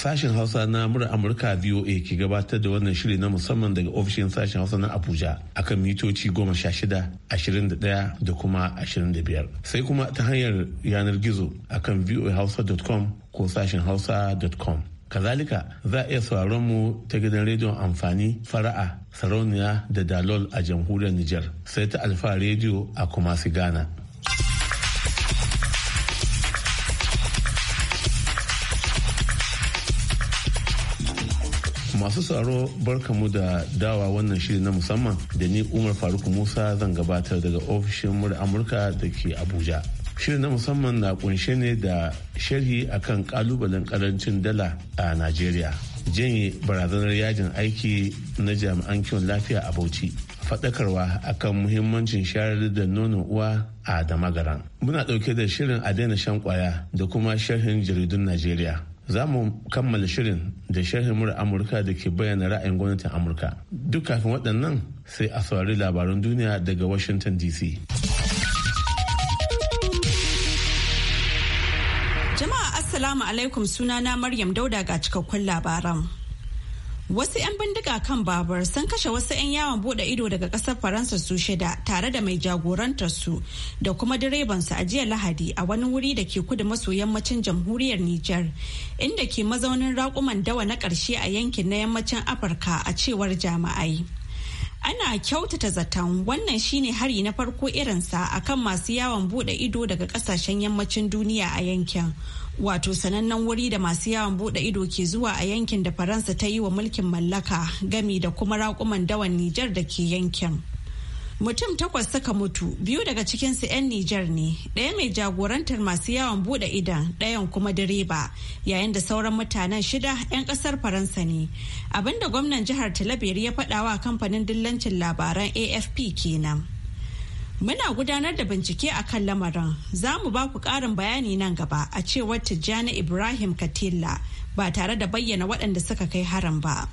Sashen Hausa na mura Amurka VOA ke gabatar da wannan shiri na musamman daga ofishin sashen Hausa na Abuja akan mitoci goma sha shida, ashirin da ɗaya da kuma ashirin Sai kuma ta hanyar yanar gizo akan voahausa.com ko sashen hausa.com. Kazalika za a iya sauraron mu ta gidan rediyon amfani fara'a sarauniya da dalol a jamhuriyar Nijar sai ta alfa rediyo a Kumasi Ghana. Masu tsaro barkamu da dawa wannan shiri na musamman da ni Umar Faruk Musa zan gabatar daga ofishin mura Amurka da ke Abuja. Shirin na musamman na kunshe ne da sharhi akan kalubalen karancin dala a Najeriya. Janye barazanar yajin aiki na jami'an kiwon lafiya a Bauchi. faɗakarwa akan muhimmancin shayar da nonon uwa a damagaran. Muna ɗauke da shirin a daina shan kwaya da kuma sharhin jaridun Najeriya. za mu kammala shirin da sharhin mura amurka da ke bayyana ra'ayin gwamnatin amurka duk kafin waɗannan sai a saurari labaran duniya daga washington dc jama'a assalamu alaikum sunana maryam dauda ga cikakkun labaran Wasu 'yan bindiga kan babur sun kashe wasu 'yan yawon bude ido daga kasar Faransa su shida tare da mai jagorantar su da kuma direbansu a jiya Lahadi a wani wuri da ke kudu maso yammacin jamhuriyar Nijar inda ke mazaunin raƙuman dawa na ƙarshe a yankin na yammacin Afirka a cewar jama'ai. Ana kyautata zaton wannan shine hari na farko irinsa akan masu yawon bude ido daga ƙasashen yammacin duniya a yankin wato sanannen wuri da masu yawon bude ido ke zuwa a yankin da faransa ta yi wa mulkin mallaka gami da kuma raƙuman dawan nijar da ke yankin mutum takwas suka mutu biyu daga cikinsu 'yan nijar ne ɗaya mai jagorantar masu yawon bude idan ɗayan kuma direba yayin da sauran mutanen shida 'yan ƙasar faransa ne abinda gwamnan jihar talabiri ya faɗawa kamfanin dillancin labaran afp kenan Muna gudanar da bincike a kan lamarin, za mu ba ku karin bayani nan gaba a cewar Tijjani Ibrahim Katilla ba tare da bayyana waɗanda suka kai haram ba.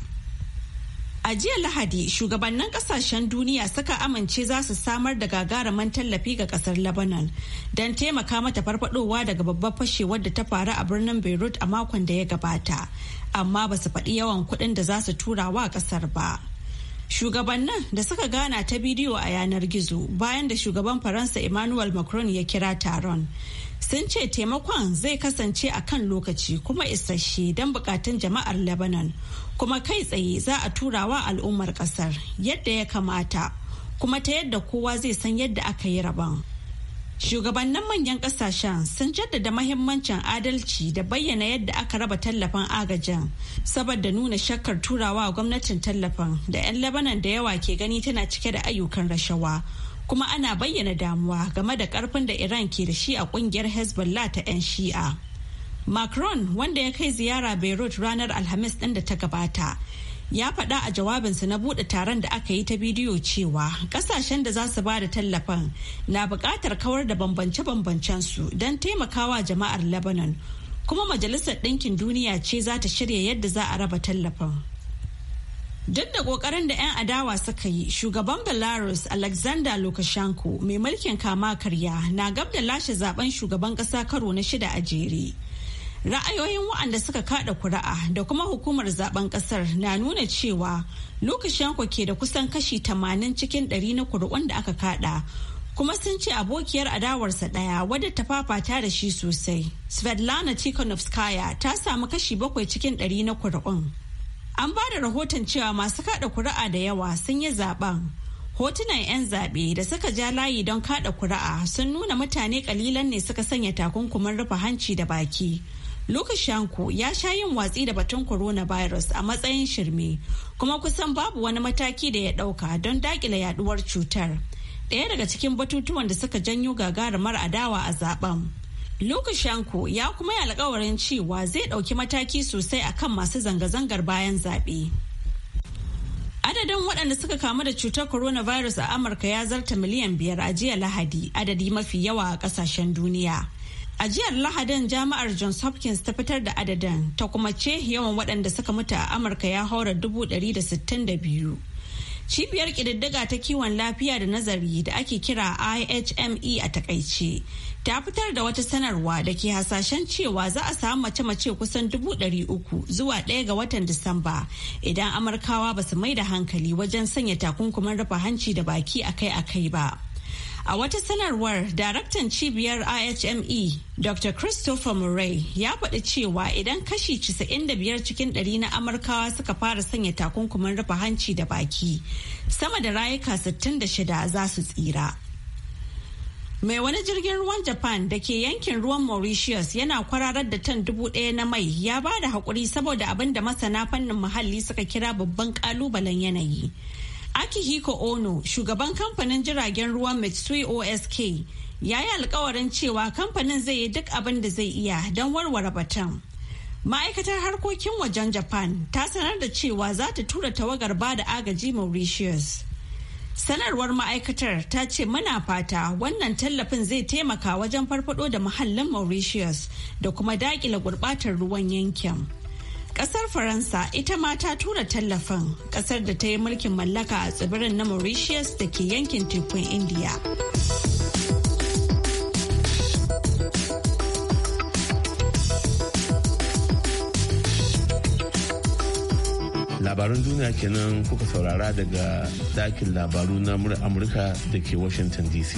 A jiya Lahadi, shugabannin kasashen duniya suka amince za su samar da gagaraman tallafi ga kasar Lebanon don taimaka mata farfadowa daga babbar fashewar da ta faru a birnin Beirut a makon da ya gabata, amma ba su faɗi yawan kuɗin da za su tura wa ƙasar ba. Shugabannin da suka gana ta bidiyo a yanar gizo bayan da shugaban Faransa Emmanuel Macron ya kira taron. Sun ce taimakon zai kasance a kan lokaci kuma isasshe don bukatun jama'ar Lebanon kuma kai tsaye za a turawa al'ummar kasar yadda ya kamata kuma ta yadda kowa zai san yadda aka yi rabon. Shugabannin manyan kasashen sun jaddada mahimmancin adalci da bayyana yadda aka raba tallafin agajin saboda nuna shakkar turawa a gwamnatin tallafin da 'yan labanan da yawa ke gani tana cike da ayyukan rashawa kuma ana bayyana damuwa game da karfin da iran ke da shi a kungiyar hezbollah ta 'yan shi'a macron wanda ya kai ziyara beirut ranar alhamis ɗin da ta gabata ya faɗa a jawabinsa na buɗe taron da aka yi ta bidiyo cewa ƙasashen da za su ba da tallafin na buƙatar kawar da bambance bambancen su don taimakawa jama'ar lebanon kuma majalisar ɗinkin duniya ce za ta shirya yadda za a raba tallafin duk da ƙoƙarin da 'yan adawa suka yi shugaban belarus alexander lukashenko mai mulkin kama karya na gab da lashe zaben shugaban ƙasa karo na shida a jere ra'ayoyin waɗanda suka kada kuri'a da kuma hukumar zaben kasar na nuna cewa lokacin ku ke da kusan kashi 80 cikin 100 na kuri'un da aka kada kuma sun ce abokiyar adawarsa ɗaya wadda ta fafata da shi sosai svetlana tikhonovskaya ta samu kashi 7 cikin 100 na kuri'un an ba da rahoton cewa masu kada kuri'a da yawa sun yi zaben hotunan 'yan zaɓe da suka ja layi don kada kuri'a sun nuna mutane kalilan ne suka sanya takunkumin rufe hanci da baki Lukashenko ya sha yin watsi da batun coronavirus a matsayin shirme, kuma kusan babu wani mataki da ya ɗauka don daƙile yaduwar cutar. Ɗaya daga cikin batutuwan da suka janyo gagarumar adawa a zaben. Lukashenko ya kuma yi alkawarin cewa zai ɗauki mataki sosai akan masu zanga-zangar bayan zaɓe. Adadin waɗanda suka kamu da cutar coronavirus a Amurka ya zarta miliyan biyar a jiya Lahadi, adadi mafi yawa a ƙasashen duniya. A jiyar Lahadin jami'ar Johns Hopkins ta fitar da adadin ta kuma ce yawan waɗanda suka mutu a Amurka ya haura dubu ɗari da sittin da biyu. Cibiyar ƙididdiga ta kiwon lafiya da nazari da ake kira IHME a takaice ta fitar da wata sanarwa da ke hasashen cewa za a samu mace-mace kusan dubu ɗari uku zuwa ɗaya ga watan Disamba idan Amurkawa ba su mai da hankali wajen sanya takunkumin rufe hanci da baki akai-akai ba. A wata sanarwar daraktan cibiyar IHME Dr. Christopher Murray ya faɗi cewa idan kashi 95 cikin ɗari na Amurkawa suka fara sanya takunkumin rufe hanci da baki, sama da rayuka 66 za su tsira. Mai wani jirgin ruwan Japan da ke yankin ruwan Mauritius yana kwararar da tan dubu ɗaya na mai ya ba da haƙuri saboda abin da masana fannin muhalli suka kira babban ƙalubalen yanayi. Akihiko Ono, shugaban kamfanin jiragen ruwan Mitsui OSK, ya yi alkawarin cewa kamfanin zai yi duk abin da zai iya don warware batun. Ma'aikatar harkokin wajen Japan ta sanar da cewa za ta tura tawagar ba da agaji Mauritius. Sanarwar ma'aikatar ta ce muna fata wannan tallafin zai taimaka wajen farfado da muhallin Mauritius da kuma daƙila gurbatar ruwan yankin. Kasar Faransa ita ma ta tura tallafin kasar da ta yi mulkin mallaka a tsibirin na Mauritius da ke yankin tekun India. Labarun duniya kenan kuka saurara daga dakin labaru na amurka da ke washington dc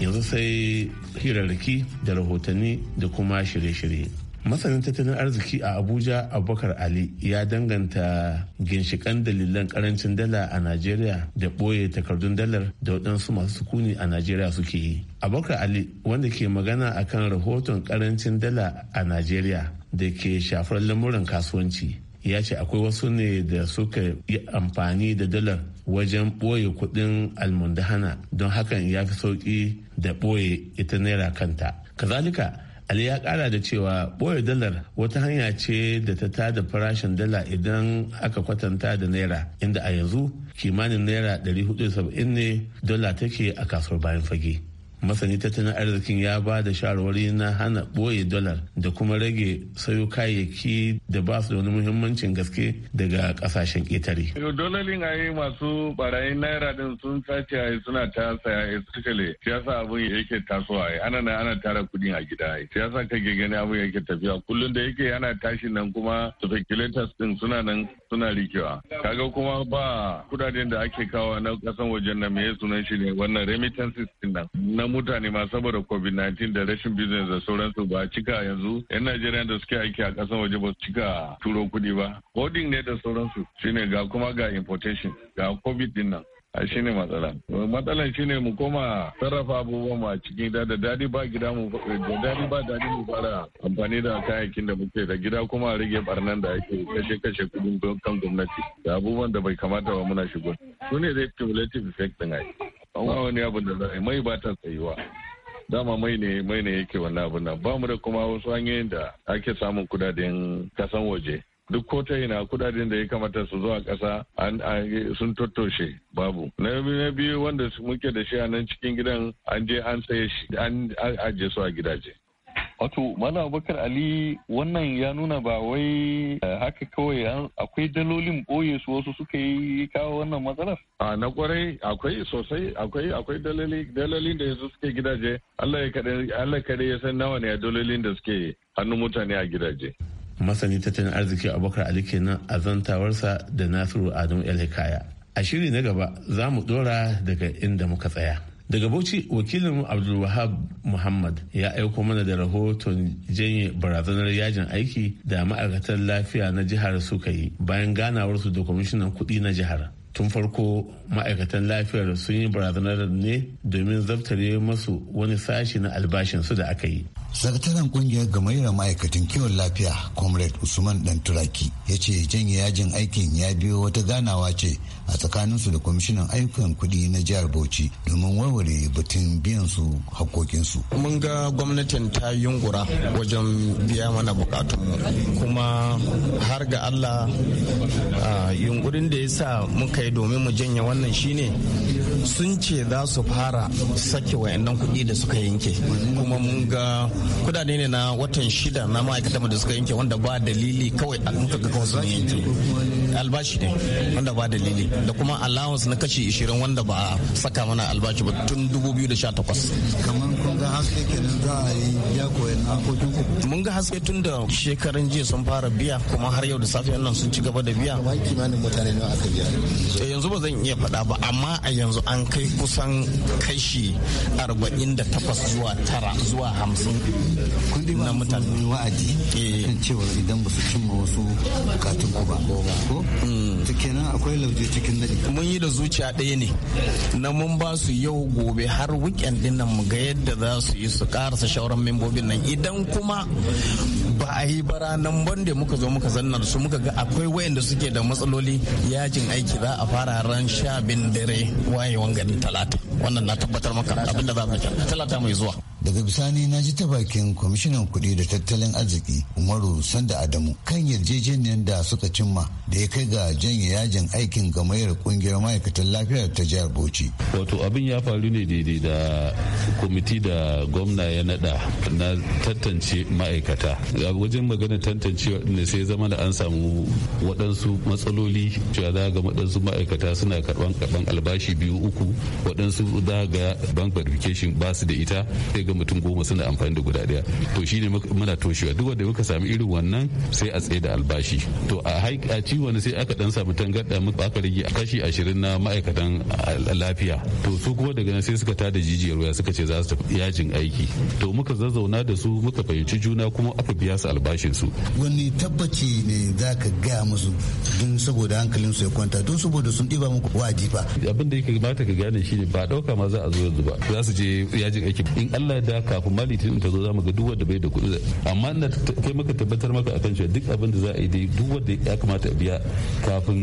yanzu sai hirarraki da rahotanni da kuma shirye-shirye masanin tattalin arziki a abuja abubakar ali ya danganta ginshikan dalilan karancin dala a najeriya da ɓoye takardun dalar da waɗansu masu sukuni a najeriya suke yi abubakar ali wanda ke magana a kan rahoton karancin dala a najeriya da ke shafar lamuran kasuwanci ya ce akwai wasu ne da suka yi amfani da dalar wajen ɓoye kuɗin almundahana don hakan ya fi sauƙi da ɓoye ita naira kanta kazalika Ali ya kara da cewa boye dalar wata hanya ce da ta tada farashin dala idan aka kwatanta da naira inda a yanzu kimanin naira 470 ne dala take a kasuwar bayan fage. masani tattalin arzikin ya ba da shawarwari na hana ɓoye dolar da kuma rage sayo kayayyaki da ba su da wani muhimmancin gaske daga kasashen ketare. dololin a yi masu barayin naira din sun sace a suna ta saya a especially siyasa abin yake tasowa a ana na ana tara kudin a gida a siyasa kake gani abin yake tafiya kullum da yake ana tashi nan kuma speculators din suna nan suna rikewa kaga kuma ba kudaden da ake kawo na kasan wajen na meye sunan shi ne wannan remittances din nan na mutane ma saboda covid-19 da rashin business da sauransu ba cika yanzu yan najeriya da suke aiki a kasan waje ba cika turo kuɗi ba holding ne da sauransu shine ga kuma ga importation ga covid din nan a shi ne matsala matsalan shi ne mu koma sarrafa abubuwan mu a cikin gida da dadi ba gida mu da dadi ba dadi mu fara amfani da kayayyakin da muke da gida kuma rage barnan da ake kashe kashe kudin kan gwamnati da abubuwan da bai kamata ba muna shigo su ne zai cumulative effect din ai amma wani abu da za mai ba ta tsayuwa dama mai ne mai ne yake wannan abun nan ba mu da kuma wasu hanyoyin da ake samun kudaden kasan waje duk ko ta ina kudaden da ya kamata su zo a kasa sun tattoshe babu na biyu wanda muke da shi a nan cikin gidan an je an tsaye shi an ajiye su a gidaje Wato Malam Abubakar Ali wannan ya nuna ba wai eh, haka kawai akwai dalolin ɓoye su wasu suka yi kawo wannan matsalar? A na kwarai akwai sosai akwai akwai dalolin da yanzu suke gidaje Allah ya kaɗai ya san nawa ne a dalolin da suke hannun mutane a gidaje. masani tattalin arziki abubakar ali kenan a zantawarsa da nasiru adamu el-hikaya a shiri na gaba za mu dora daga inda muka tsaya daga bauchi wakilin abdulwahab muhammad ya aiko mana da rahoton janye barazanar yajin aiki da ma'aikatan lafiya na jihar suka yi bayan ganawarsu da kwamishinan kuɗi na jihar tun farko ma'aikatan lafiyar sun yi barazanar ne domin zaftare masu wani sashi na albashinsu da aka yi sakataren kungiyar gamayyar ma'aikatan kiwon lafiya comrade usman dan turaki ya ce janye yajin aikin ya biyo wata ganawa ce a tsakaninsu da kwamishinan ayyukan kudi na jihar bauchi domin warware batun biyan su hakokinsu mun ga gwamnatin ta yungura wajen biya mana bukatu kuma har ga allah yungurin da ya sa muka yi domin mu janye wannan shine sun ce za su fara sake wayannan kuɗi da suka yanke kuma mun ga kudade ne na watan shida na ma'aikatan da suka yanke wanda ba dalili kawai a kuka ga kawai sun yanke albashi ne wanda ba dalili da kuma allowance na kashi ishirin wanda ba saka mana albashi ba tun 2018 kamar kun ga haske kenan za a yi biya koyan hakokin mun ga haske tun da shekaran jiya sun fara biya kuma har yau da safe nan sun ci gaba da biya ba kimanin mutane nawa aka biya yanzu ba zan iya faɗa ba amma a yanzu an kai kusan kashi 48 zuwa tara zuwa 50 na mutane wa'adi eh. kan cewa idan ba su cimma wasu bukatun ku ba ko to kenan akwai lauje cikin mun yi da zuciya ɗaya ne na mun ba su yau gobe har weekend din nan ga yadda za su yi su karasa shawarar membobin nan idan kuma ba a yi bara nan bande muka zo muka zannar su muka ga akwai wayanda suke da matsaloli yajin aiki za a fara ran sha bin dare wayewan gari talata wannan na tabbatar maka abinda za mu talata mai zuwa daga bisani na ji ta bakin kwamishinan kuɗi da tattalin arziki umaru sanda adamu kan yarjejeniyar da suka cimma da ya kai ga janye yajin aikin gamayyar kungiyar ma'aikatan lafiya ta jihar bauchi wato abin ya faru ne daidai da kwamiti da gwamna ya nada na tantance ma'aikata wajen magana tantance ne sai zama da an samu waɗansu matsaloli cewa za ga waɗansu ma'aikata suna karɓan karɓan albashi biyu uku waɗansu za ga bank verification ba su da ita ga mutum goma suna amfani da guda daya to shine muna toshewa duk wanda muka sami irin wannan sai a tsaye da albashi to a haika ci wani sai aka dan samu tangarɗa muka aka rage kashi ashirin na ma'aikatan lafiya to su kuma daga nan sai suka tada jijiyar waya suka ce za su tafi yajin aiki to muka zazzauna da su muka fahimci juna kuma aka biya su albashin su wani tabbaci ne za ka gaya musu don saboda hankalin su ya kwanta don saboda sun ɗiba muku wajiba abin da yake kamata ka gane shine ba ɗauka ma za a zo yanzu ba za su je yajin aiki in Allah da kafin ma litinin ta zo za ga duk wanda bai da kuɗi amma ina kai maka tabbatar maka akan cewa duk abin da za a yi dai duk wanda ya kamata a biya kafin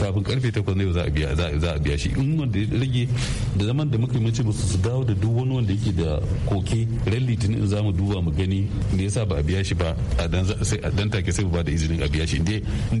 kafin karfe takwas ne za a biya za a biya shi in wanda ya rage da zaman da muka yi mace musu su dawo da duk wani wanda yake da koke ran litinin in zamu duba mu gani me yasa ba a biya shi ba a dan sai a dan take sai ba da izinin a biya shi in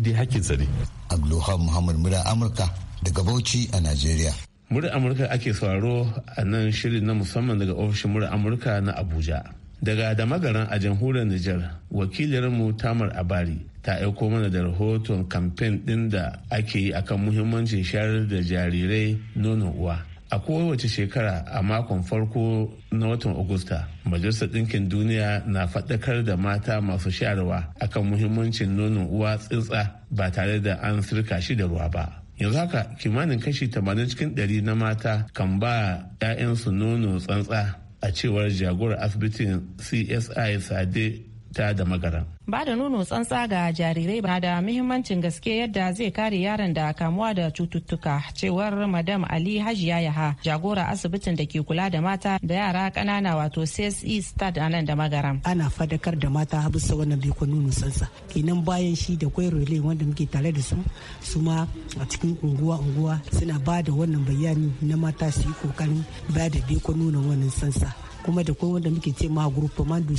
dai sa ne. Abdulhamid Muhammad Mura Amurka daga Bauchi a Najeriya. Murar Amurka ake sauraro a nan shirin na musamman daga ofishin Murar Amurka na Abuja. Daga damagaran a jamhuriyar Nijar, wakilinmu Tamar Abari ta aiko mana da rahoton kamfen din da ake yi akan muhimmancin shayar da jarirai nonon uwa. A kowace shekara a makon farko na watan Agusta, Majalisar Ɗinkin Duniya na faɗakar da mata masu shayarwa akan muhimmancin nonon uwa tsintsa ba tare da an sirka shi da ruwa ba. yanzu haka kimanin kashi 80 cikin 100 na mata kan ba 'ya'yansu nono tsantsa a cewar jagorar asibitin csi sade ta da magara. Ba da nono tsantsa ga jarirai ba da muhimmancin gaske yadda zai kare yaron da kamuwa da cututtuka cewar madam Ali Hajiya Yaha jagora asibitin da ke kula da mata da yara kanana wato CES Stad a nan da magara. Ana fadakar da mata bisa wannan bikon nuno tsantsa. Kenan bayan shi da kwai relay wanda muke tare da su su ma a cikin unguwa unguwa suna ba da wannan bayani na mata su yi kokarin ba da bikon nuno wannan tsantsa. kuma da kuma wanda muke ce ma groupement mandu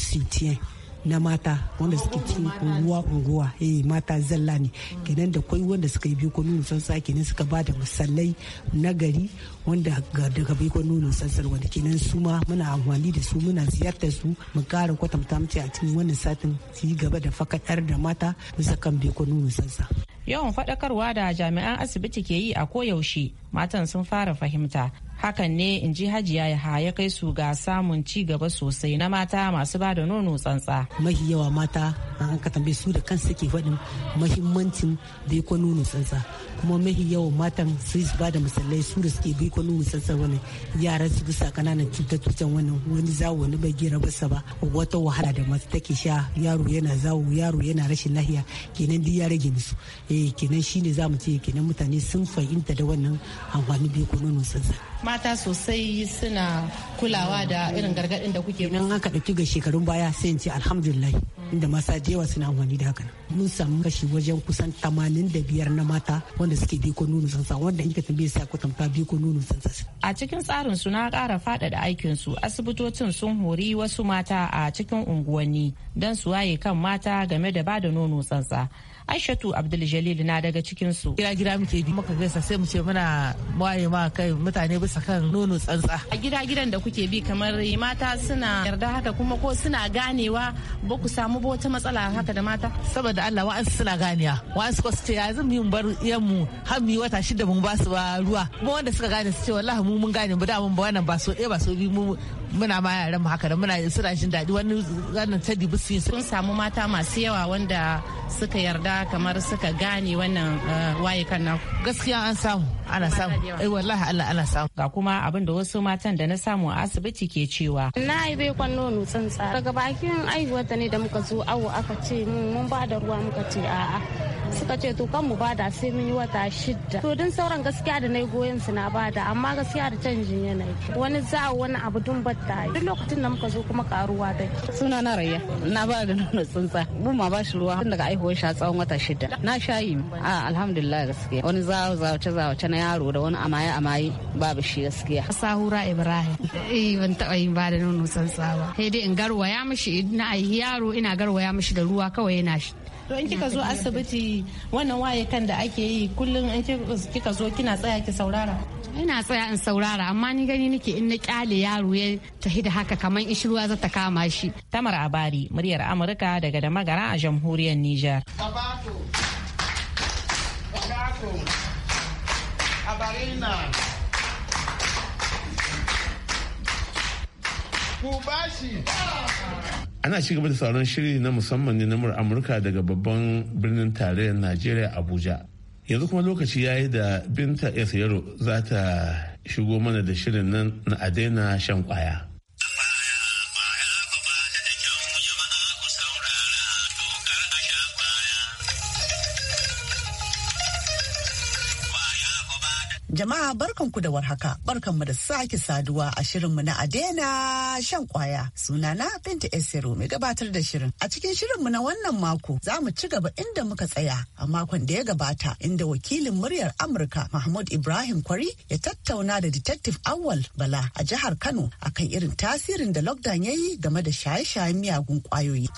na mata wanda suke cikin unguwa unguwa eh mata zalla ne kenan da kwai wanda suka yi biko san sa kenan suka ba da musallai na gari wanda daga biko san sa wanda kenan su ma muna amfani da su muna ziyartar su mu kara kwatanta mace a cikin wannan satin su gaba da fakatar da mata bisa kan biko san sa. yawan faɗakarwa da jami'an asibiti ke yi a koyaushe matan sun fara fahimta hakan ne in ji hajiya yaha ya kai su ga samun ci gaba sosai na mata masu ba da nono tsantsa mahi yawa mata an ka tambaye su da kansu ke faɗin mahimmancin da ya nono tsantsa kuma mahi yawan matan su ba da misalai su da suke bi kwanin musassan wani yaran su bisa kananan cuta-cutan wannan wani zawo wani bai gira basa ba wata wahala da mata take sha yaro yana zawo yaro yana rashin lahiya kenan duk ya rage musu eh kenan shine za mu ce kenan mutane sun fahimta da wannan amfani bi kwanin musassan. mata sosai suna kulawa da irin gargadin da kuke nan haka da ga shekarun baya sai in ce alhamdulillah inda masa da yawa suna amfani da haka mun samu kashi wajen kusan 85 na mata wanda suke biko nono sansa wanda in ka tambaye sai kwatanta biko nono sansa a cikin tsarin su na ƙara faɗaɗa aikin su asibitocin sun hori wasu mata a cikin unguwanni don su waye kan mata game da bada nono sansa aishatu abdul jalil na daga cikin su gira gira muke bi muka gaisa sai mu ce muna waye ma kai mutane bisa kan nono tsantsa a gida gidan da kuke bi kamar mata suna yarda haka kuma ko suna ganewa ba ku samu ba wata matsala haka da mata saboda Allah wa'ansu suna ganiya wa'ansu ko su ce ya zan mu bar mu har mu wata shida mun ba su ba ruwa kuma wanda suka gane su ce wallahi mu mun gane mu da mun ba wannan ba so ɗaya ba so bi mu muna ma yaran mu haka da muna suna jin daɗi wani wannan yin su. sun samu mata masu yawa wanda suka yarda kamar suka gane wannan eh, waye naku gaskiya an samu ana samu eh wallahi Allah ana samu ga kuma abin da wasu matan da na samu a asibiti ke cewa na yi bai kwan nono tsantsa daga bakin aiwata ne da muka zo awo aka ce mun ba da ruwa muka ce a'a suka ce to kan mu bada sai mun yi wata shidda to din sauran gaskiya da na yi goyon su na bada amma gaskiya da canjin yanayi wani za wani abu dun batta duk lokacin da muka zo kuma karuwa dai suna na rayya na ba da nono tsuntsa mun ma ba shi ruwa tun daga aihuwar sha a tsawon wata shida na sha yi a alhamdulillah gaskiya wani za zawace zawace na yaro da wani amaye amaye babu shi gaskiya sahura ibrahim eh ban taba yin ba da nono tsuntsa ba sai dai in garwaya mishi na aihi yaro ina garwaya mishi da ruwa kawai yana to in kika zo asibiti wannan waye kan da ake yi kullum in kika zo kina tsaya ki saurara ina tsaya in saurara amma ni gani nake in na kyale yaro ya tafi da haka kamar in shiruwa za ta kama shi tamar abari muryar amurka daga da magara a jamhuriyar niger Kubashi. ana ci gaba da sauran shiri na musamman ne na amurka daga babban birnin tarayyar najeriya abuja yanzu kuma lokaci ya yi da binta yaro za ta shigo mana da shirin nan na adena shan kwaya Jama'a barkanku da warhaka, barkanmu da sake saduwa a shirinmu na Adena shan kwaya. na Binta Esero mai gabatar da shirin. A cikin shirinmu na wannan mako za mu ci gaba inda muka tsaya a makon da ya gabata inda wakilin muryar Amurka Mahmud Ibrahim Kwari ya tattauna da Detective Awal Bala a jihar Kano akan irin tasirin da lockdown ya yi game da shaye-shayen miyagun kwayoyi.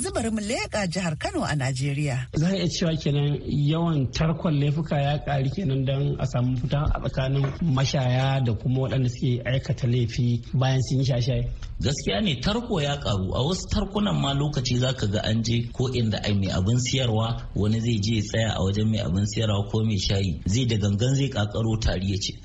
yanzu bari mu leƙa jihar Kano a Najeriya. Za a iya cewa kenan yawan tarkon laifuka ya ƙari kenan don a samu fita a tsakanin mashaya da kuma waɗanda suke aikata laifi bayan sun yi shashaye. gaskiya ne tarko ya karu a wasu tarkunan ma lokaci za ka ga an je ko inda ai mai abin siyarwa wani zai je ya tsaya a wajen mai abin siyarwa ko mai shayi zai da gangan zai kakaro tari ya ce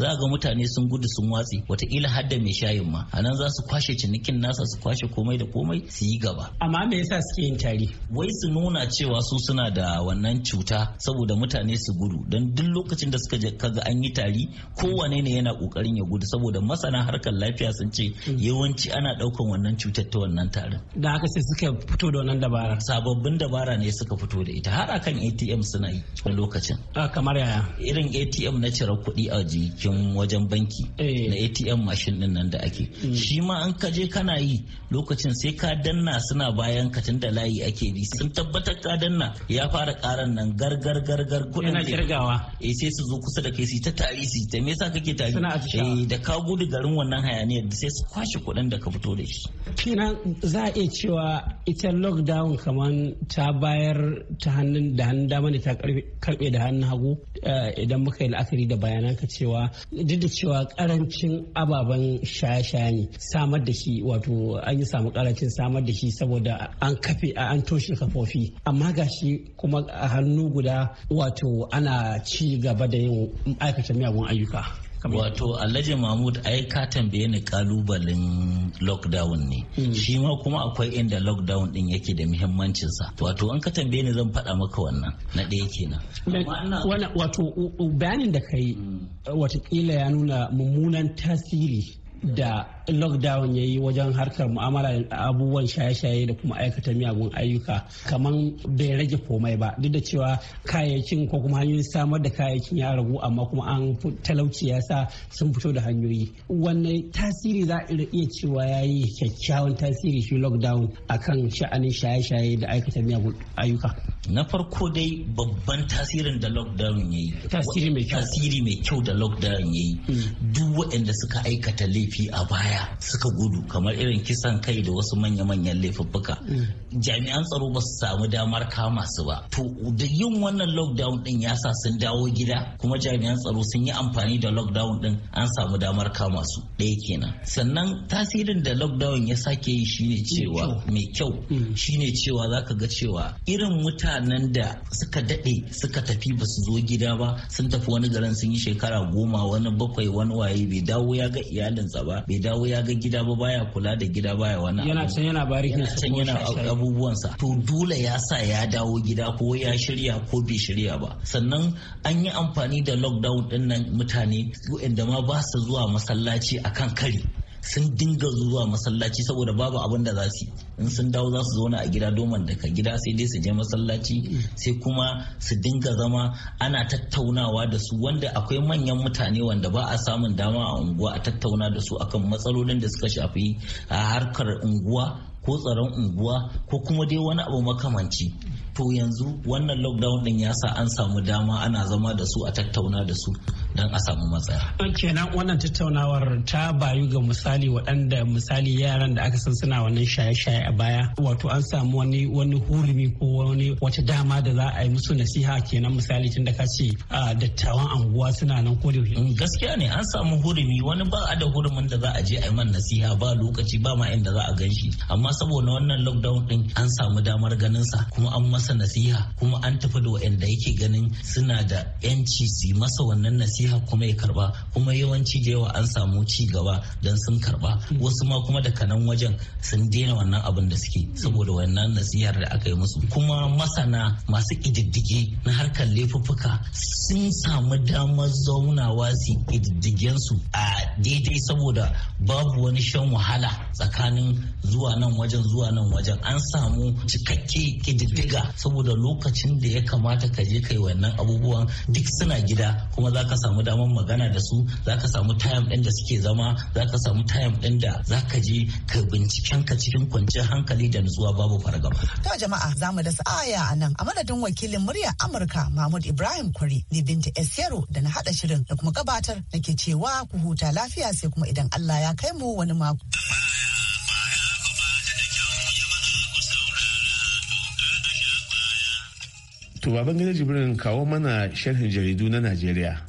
za ga mutane sun gudu sun watse wataƙila har da mai shayin ma a nan za su kwashe cinikin nasa su kwashe komai da komai su yi gaba amma me yasa suke yin tari wai su nuna cewa su suna da wannan cuta saboda mutane su gudu don duk lokacin da suka ga an yi tari kowane ne yana kokarin ya gudu saboda masana harkar lafiya sun ce hmm. yawanci ana daukan wannan cutar ta wannan tarin da haka sai suka fito da wannan dabara sababbin dabara ne suka fito da ita har akan ATM suna yi a lokacin ah, kamar yaya irin ATM na cire kuɗi a jikin wajen banki eh. na ATM machine din nan da ake mm. shi ma an ka je kana yi lokacin sai ka danna suna bayan ka tunda layi ake bi sun tabbatar ka danna ya fara karan nan gargar gargar kuɗin yana kirgawa eh sai su zo kusa da kai su ta tari su ta me yasa kake tari eh da ka gudu garin wannan hayaniyar sai su kwashe shi kudin da ka fito da shi. Kina za a iya cewa ita lockdown kamar ta bayar ta hannun da hannun dama ne ta karbe da hannun hagu eh, idan muka yi la'akari da bayanan ka cewa duk da cewa karancin ababen shaye-shaye ne samar da shi wato an yi samu karancin samar da shi saboda an kafe an toshe kafofi amma gashi kuma a hannu guda wato ana ci gaba da yin aikata miyagun ayyuka. wato alhaji mahmud ai ka tambaye ni kalubalen lockdown ne Shima mm. shi ma kuma akwai inda lockdown din yake da muhimmancinsa. sa wato an ka tambaye ni zan faɗa maka wannan na ɗaya kenan wato bayanin da kai mm. watakila ya nuna mummunan tasiri da lockdown ya yi wajen harkar mu'amala da abubuwan shaye-shaye da kuma aikata miyagun ayyuka kamar bai rage komai ba duk da cewa kayayyakin ko kuma hanyoyin samar da kayayyakin ya ragu amma kuma an talauci ya sa sun fito da hanyoyi wanne tasiri za a iya cewa ya yi kyakkyawan tasiri shi lockdown akan sha'anin shaye-shaye da aikata miyagun ayyuka na farko dai babban tasirin da lockdown ya yi tasiri mai kyau da lockdown ya yi mm. duk waɗanda suka aikata laifi a baya daya suka gudu kamar irin kisan kai da wasu manya-manyan laifuffuka mm. jami'an tsaro ba su samu damar kama su ba to da yin wannan lockdown din ya sa sun dawo gida kuma jami'an tsaro sun yi amfani da lockdown din an samu damar kama su ɗaya kenan sannan tasirin da lockdown ya sake yi shine mm, cewa mai kyau mm. shine cewa za ka ga cewa irin mutanen da suka daɗe suka tafi ba su zo gida ba sun tafi wani garin sun yi shekara goma wani bakwai wani waye bai dawo ya ga iyalinsa ba bai dawo dawo ya ga gida ba baya kula da gida baya wani yana can yana bari yana can yana abubuwansa to dole ya sa ya dawo gida ko ya shirya ko bai shirya ba sannan an yi amfani da lockdown din nan mutane inda ma ba su zuwa masallaci akan kari sun dinga zuwa masallaci saboda babu abin da za su in sun dawo za su zauna a gida doman daga gida sai dai su je masallaci sai kuma su dinga zama ana tattaunawa da su wanda akwai manyan mutane wanda ba a samun dama a unguwa a tattauna da su akan matsalolin da suka shafi a harkar unguwa ko tsaron unguwa ko kuma dai wani abu makamanci to yanzu wannan lockdown din ya sa an samu dama ana zama da su a tattauna da su don a samu matsaya. kenan wannan tattaunawar ta bayu ga misali waɗanda misali yaran da aka san suna wannan shaye-shaye a baya wato an samu wani wani hurumi ko wani wata dama da za a yi musu nasiha kenan misali tun da ka ce dattawan anguwa suna nan ko da mm, gaskiya ne an samu hurumi wani ba a da hurumin da za a je a yi man nasiha ba lokaci ba ma inda za a gan shi amma saboda wannan lockdown din an samu damar ganin sa kuma an masa nasiha kuma an tafi da waɗanda yake ganin suna da yanci su masa wannan nasiha jiha kuma ya karba kuma yawanci da yawa an samu ci gaba don sun karba wasu ma kuma da kanan wajen sun daina wannan abin da suke saboda wannan nasihar da aka yi musu kuma masana masu ƙididdige na harkar laifuffuka sun samu damar zaunawa su ƙididdigensu a daidai saboda babu wani shan wahala tsakanin zuwa nan wajen zuwa nan wajen an samu cikakke ƙididdiga saboda lokacin da ya kamata ka je kai wannan abubuwan duk suna gida kuma za ka samu damar magana da su za ka samu tayam ɗin da suke zama za ka samu tayam ɗin da za ka je ka binciken ka cikin kwanciyar hankali da nutsuwa babu fargaba. To jama'a za mu dasa aya a nan a madadin wakilin murya Amurka Mahmud Ibrahim Kwari ni binta Esero da na haɗa shirin da kuma gabatar nake cewa ku huta lafiya sai kuma idan Allah ya kai mu wani mako. To baban Jibirin kawo mana sharhin jaridu na Najeriya.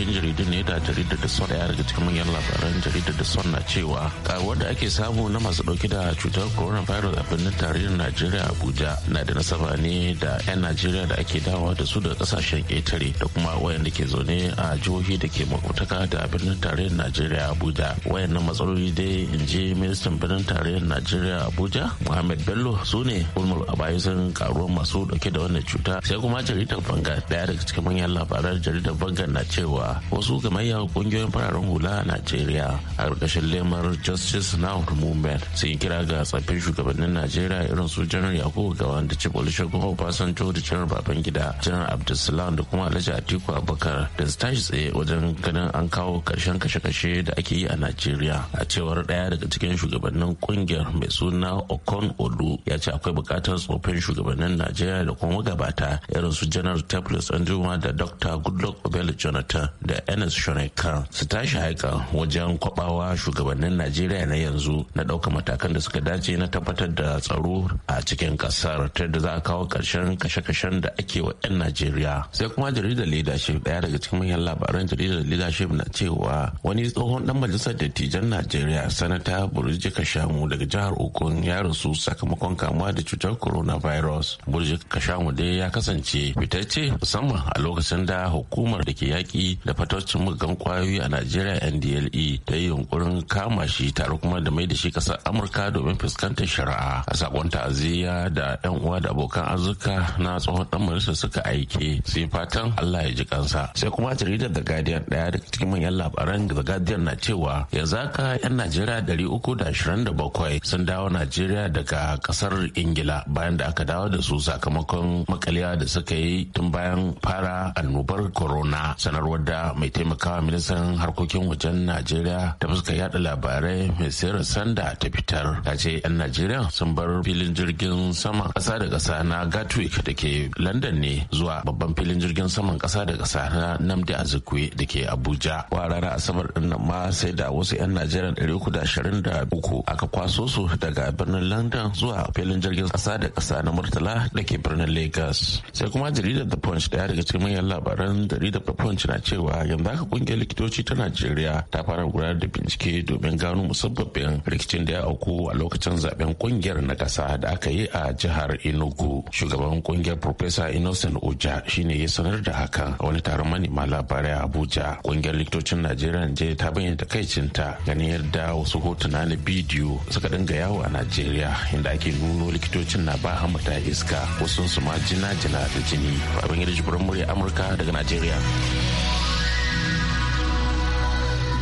cikin jaridu ne da jaridar da son ya daga cikin manyan labaran jaridar da son na cewa karuwar da ake samu na masu dauke da cutar virus a birnin tarihin najeriya abuja na da nasaba ne da 'yan najeriya da ake dawa da su da kasashen ƙetare da kuma wayanda ke zaune a jihohi da ke makwataka da birnin tarihin najeriya abuja wayannan matsaloli dai in ji ministan birnin tarihin najeriya abuja muhammad bello su ne ulmul abayisan karuwar masu dauke da wannan cuta sai kuma jaridar banga daya daga cikin manyan labaran jaridar banga na cewa wasu gamayyar kungiyoyin fararen hula a Najeriya a ƙarƙashin lemar Justice Now Movement sun kira ga tsaffin shugabannin Najeriya irin su Janar Yakubu Gawan da Chief Olusegun Obasanjo da Janar Babangida, Janar Abdulsalam da kuma Alhaji Atiku Abubakar da su tashi tsaye wajen ganin an kawo ƙarshen kashe-kashe da ake yi a Najeriya. A cewar ɗaya daga cikin shugabannin kungiyar mai suna Okon Olu ya ce akwai buƙatar tsoffin shugabannin Najeriya da kuma gabata irin su Janar Tablis Anjuma da Dr. Goodluck Obel Jonathan da Enes Shoneka su tashi haika wajen kwabawa shugabannin Najeriya na yanzu na ɗaukar matakan da suka dace na tabbatar da tsaro a cikin ƙasar ta da za a kawo ƙarshen kashe-kashen da ake wa 'yan Najeriya. Sai kuma jaridar leadership ɗaya daga cikin manyan labaran jaridar leadership na cewa wani tsohon ɗan majalisar dattijan Najeriya sanata Burji Kashamu daga jihar Ogun ya rasu sakamakon kamuwa da cutar coronavirus. Burji Kashamu dai ya kasance fitacce musamman a lokacin da hukumar da ke yaƙi da fatocin mugan kwayoyi a najeriya ndle ta yi yunkurin kama shi tare kuma da mai da shi kasar amurka domin fuskantar shari'a a sakon ta'aziyya da yan uwa da abokan arzika na tsohon dan majalisar suka aike sai fatan allah ya ji kansa sai kuma jaridar the guardian daya daga cikin manyan labaran the guardian na cewa yanzu haka yan najeriya dari uku da ashirin da bakwai sun dawo najeriya daga kasar ingila bayan da aka dawo da su sakamakon makaliya da suka yi tun bayan fara annobar corona sanarwar da mai taimakawa ministan harkokin wajen najeriya ta fuska yada labarai mai sayar sanda ta fitar ta ce 'yan najeriya sun bar filin jirgin saman kasa da kasa na gatwick da ke london ne zuwa babban filin jirgin saman kasa da kasa na namdi azikwe da ke abuja wa ranar asabar din ma sai da wasu 'yan najeriya 323 aka kwaso su daga birnin london zuwa filin jirgin kasa da kasa na murtala da ke birnin lagos sai kuma jaridar the punch daya daga cikin manyan labaran jaridar the punch na cewa cewa yanzu haka kungiyar likitoci ta najeriya ta fara gudanar da bincike domin gano musabbabin rikicin da ya auku a lokacin zaben kungiyar na kasa da aka yi a jihar enugu shugaban kungiyar professor innocent oja shine ya sanar da haka a wani taron manema labarai a abuja kungiyar likitocin najeriya je ta bayyana takaicinta ganin yadda wasu hotuna na bidiyo suka dinga yawo a najeriya inda ake nuno likitocin na ba hamata iska wasu su ma jina jina da jini abin yadda jibirin murya amurka daga najeriya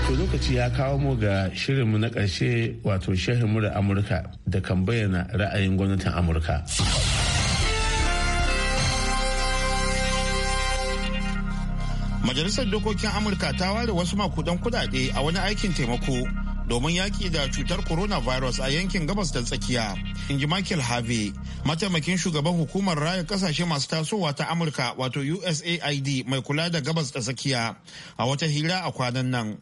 To lokaci ya kawo mu ga shirinmu na ƙarshe wato shehin murar Amurka da kan bayyana ra'ayin gwamnatin Amurka. Majalisar Dokokin Amurka ta ware wasu makudan kudade a wani aikin taimako domin yaki da cutar coronavirus a yankin gabas da tsakiya in ji michael harvey mataimakin shugaban hukumar raya kasashe masu tasowa ta amurka wato usaid mai kula da gabas da tsakiya a wata hira a kwanan nan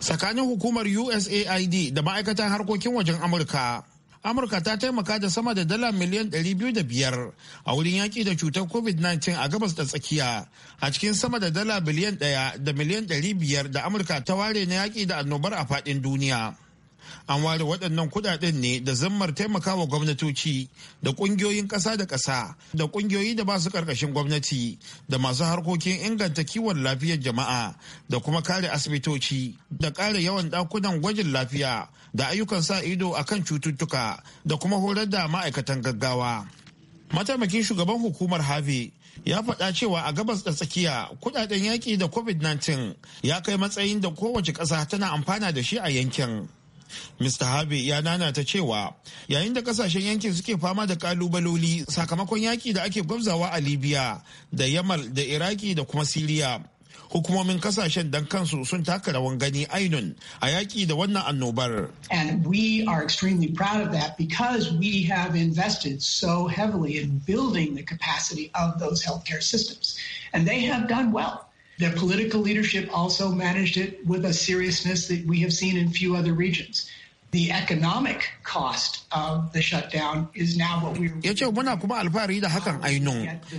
tsakanin hukumar USAID da ma'aikatan harkokin wajen Amurka. Amurka ta taimaka da sama da dala miliyan 205 a wurin yaƙi da cutar COVID-19 a gabas da tsakiya a cikin sama da dala biliyan 1 da miliyan 500 da Amurka ta ware na yaƙi da annobar a faɗin duniya. an ware waɗannan kuɗaɗen ne da zammar taimakawa gwamnatoci da ƙungiyoyin ƙasa da ƙasa da ƙungiyoyi da ba su ƙarƙashin gwamnati da masu harkokin inganta kiwon lafiyar jama'a da kuma kare asibitoci da ƙara yawan ɗakunan gwajin lafiya da ayyukan sa ido akan cututtuka da kuma horar da ma'aikatan gaggawa mataimakin shugaban hukumar harvey ya faɗa cewa a gabas da tsakiya kudaden yaƙi da covid-19 ya kai matsayin da kowace ƙasa tana amfana da shi a yankin Mr. Habe ya nanata cewa yayin da kasashen yankin suke fama da kalubaloli sakamakon yaki da ake gwamzawa a Libya da Yamal da Iraki da kuma Siriya. Hukumomin kasashen dan kansu sun taka rawan gani ainun a yaki da wannan annobar. And we are extremely proud of that because we have invested so heavily in building the capacity of those healthcare systems. And they have done well. Their political leadership also managed it with a seriousness that we have seen in few other regions. The economic cost of the shutdown is now what we're Ya muna kuma alfahari da hakan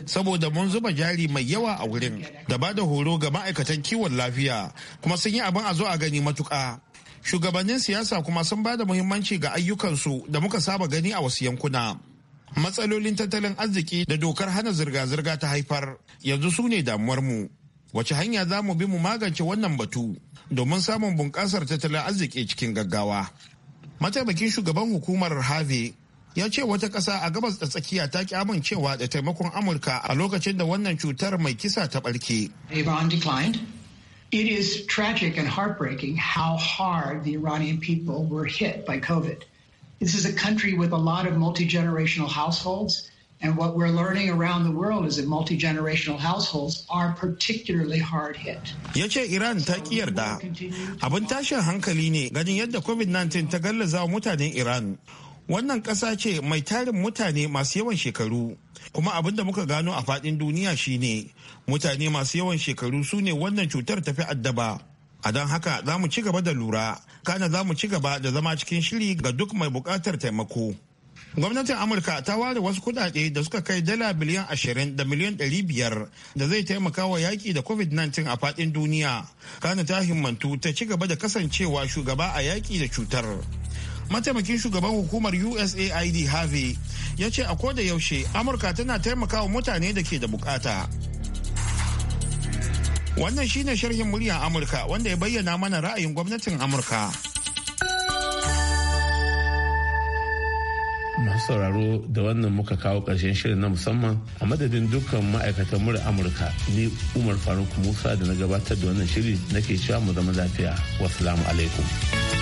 saboda mun zuba jari mai yawa a wurin da ba da horo ga ma'aikatan kiwon lafiya kuma sun yi abin a zo a gani Shugabannin siyasa kuma sun ba da muhimmanci ga ayyukansu da muka saba gani a wasu yankuna. Matsalolin tattalin arziki da dokar hana zirga-zirga ta haifar yanzu su ne damuwarmu wace hanya za mu bi mu magance wannan batu domin samun bunƙasar tattalin arziki cikin gaggawa mataimakin shugaban hukumar harvey ya ce wata ƙasa a gabas da tsakiya ta ki amincewa da taimakon amurka a lokacin da wannan cutar mai kisa ta ɓarke It is tragic and heartbreaking how hard the Iranian people were hit by COVID. This is a country with a lot of multi generational households. And what we're learning around the world is that multi generational households are particularly hard hit. Ya ce Iran ta ki yarda abin tashin hankali ne ganin yadda COVID-19 ta gallaza mutanen Iran. Wannan ƙasa ce mai tarin mutane masu yawan shekaru, kuma abin da muka gano a faɗin duniya shine mutane masu yawan shekaru su ne wannan cutar tafi addaba. A don haka za mu ci gaba da lura, kana za mu ci gaba da zama cikin shiri ga duk mai buƙatar taimako. gwamnatin amurka ta ware wasu kudade da suka kai dala biliyan 20 da miliyan 500 da zai taimaka wa yaki da covid-19 a fadin duniya kana ta himmantu ta ci gaba da kasancewa shugaba a yaki da cutar mataimakin shugaban hukumar usaid harvey ya ce a da yaushe amurka tana taimakawa mutane da ke da bukata wannan shine sharhin muryar amurka wanda ya bayyana mana ra'ayin gwamnatin amurka masu sauraro da wannan muka kawo ƙarshen shirin na musamman a madadin dukkan ma'aikatan mura amurka ni umar faruk musa da na gabatar da wannan shiri nake cewa mu zama lafiya wasu alaikum.